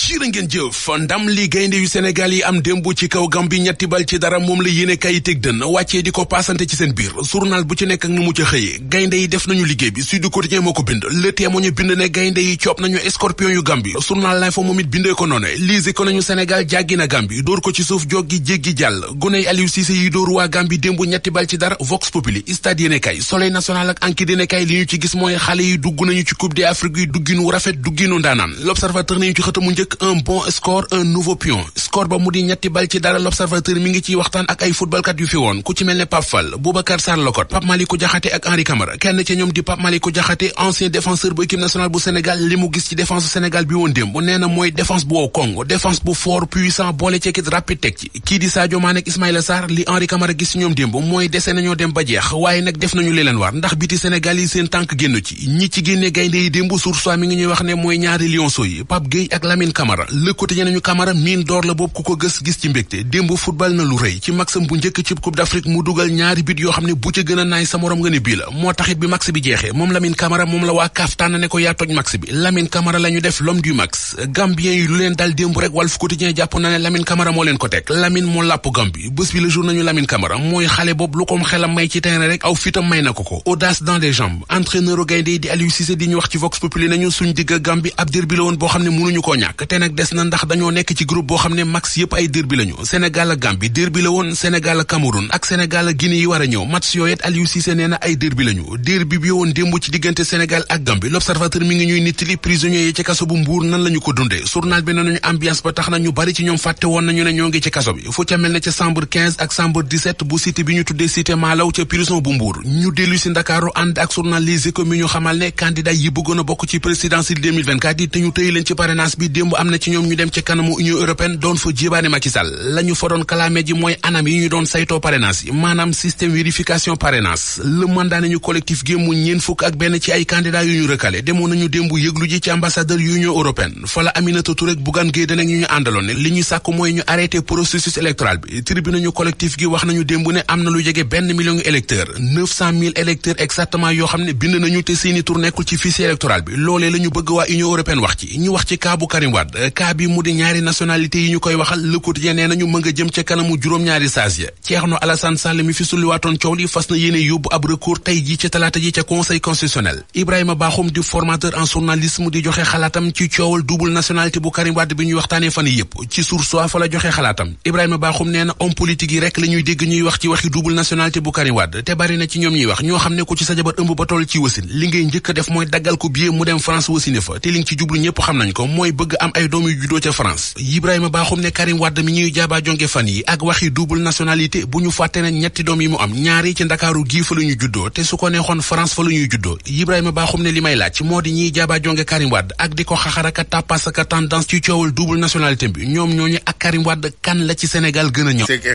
jërë ngeen jëf ndam li gaynde yu Sénégal yi am démb ci kaw Gambie ñetti bal ci dara moom la yéene kay yi teg dën wàccee di ko paasante ci seen biir journal bu ci nekk ak ni mu ca xëyee gaynde yi def nañu liggéey bi Sud Quotidien moo ko bind Le Témoin ñu bind ne gaynde yi coob nañu scorpion yu Gambie journal L'Info moom it bindee liise ko nañu Sénégal jàggi na Gambie dóor ko ci suuf joggi jéggi jàll guney Aliou Cissé yi dóor waa Gambie démb gis mooy xale yi dugg nañu ci Coupe d'Afrique yi dugginu rafet dugginu njëkk un bon score un nouveau pion score ba mu di ñetti bal ci dara l'observateur mi ngi ciy waxtaan ak ay footballkat yu fi woon ku ci mel ne Pape Fall Boubacar Sarr Lokot Pape Malick ak Henri Camara kenn ci ñoom di Pape Malick Diakhaté ancien défenseur bu équipe nationale bu Sénégal li mu gis ci défense Sénégal bi woon démb nee mooy défense bu wow Congo bu fort puissant boole cekkit rapide teg ci kii di Sadio Mané ak Ismaïla Sarr li Henri Camara gis Lamine Camara le nañu Camara mine d'or la boobu ku ko gis ci mbégte démb football na lu rëy ci maxam bu njëkk ci Coupe d'Afrique mu dugal ñaari bit yoo xam ne bu ca gën a naay sa morom nga ne bii la moo taxit bi max bi jeexee moom Lamine Camara moom la waa CAF tànn ne ko yaa toj max bi Lamine Camara la def l'homme du max Gambien yi lu leen dal démb rek Walf Quotidien jàpp na ne Lamine Camara moo leen ko teg Lamine moo làpp Gambie bés bi la woon ñàkk te nag des na ndax dañoo nekk ci group boo xam ne max yëpp ay derby lañu Sénégal bi Gambie bi la woon Sénégal ak Cameroun ak Sénégal yi war a ñëw match yooyu it Aliou Cissé nee na ay derby lañu derby bi woon démb ci diggante Sénégal ak Gambie l'observateur mi ngi ñuy nittali prisonniers yi ci kaso bu Mbuur nan lañu ko dundee journal bi nañu ambiance ba tax na ñu bari ci ñoom fàtte woon nañu ne ñoo ngi ci kaso bi fu ca mel ne ca chambre ak chambre bu cité bi ñu tuddee cité Malaw ca prison bu Mbuur ñu dellu si Ndakaaru ànd ak journal Les Échos mi ñu xamal ne candidat yi bëggoon démb am na ci ñoom ñu dem ci kanamu union européenne doon fa jébaane Macky Sall ñu fa doon kalaame ji mooy anam yi ñu doon saytoo parrainage yi maanaam système vérification parrainage le mandat nañu collectif gémmu ñeen fukk ak benn ci ay candidat yu ñu recalé demoon nañu démb yëglu ci ambassadeur union européenne fa la Aminata Touré ak Bougane Gueye Dany ñu ñu àndaloon ne li ñu sàkk mooy ñu arrêté processus électoral bi tribune ñu collectif gi wax nañu démb am na lu jege benn million électeur neuf cent mille électeurs exactement yoo xam ne bind nañu te seeni tur nekkul ci fichier Wade bi mu di ñaari nationalité yi ñu koy waxal Le Quotidien nee nañu mën nga jëm ca kanamu juróom-ñaari saas ya Thierno Alassane Sall mi fi sulliwaatoon coow li fas na yéene yóbbu ab recours tey ji ci talaata ji ca conseil constitutionnel Ibrahima Bakhoum di formateur en journalisme di joxe xalaatam ci coowal double nationalité bu Karim bi ñuy waxtaanee fan yëpp ci source fa la joxe xalaatam Ibrahima Bakhoum nee na homme politique yi rek la dégg ñuy ay doom yu juddoo ca France Ibrahima baaxum ne Karim Wade mi ñuy jaabaa jonge fan yi ak waxi double nationalité bu ñu fàtte ne ñetti doom yi mu am ñaari ci ndakaaru gii fa la ñu juddoo te su ko neexoon France fa la ñuy juddoo Ibrahima Bakhoum ne li may laaj moo di ñuy jaabaa jonge Karim Wade ak di ko xaxaraka tàppasaka tendance ci coowal double nationalité bi ñoom ñooñu ak Karim Wade kan la ci Sénégal gën a ñëw Sénéinfo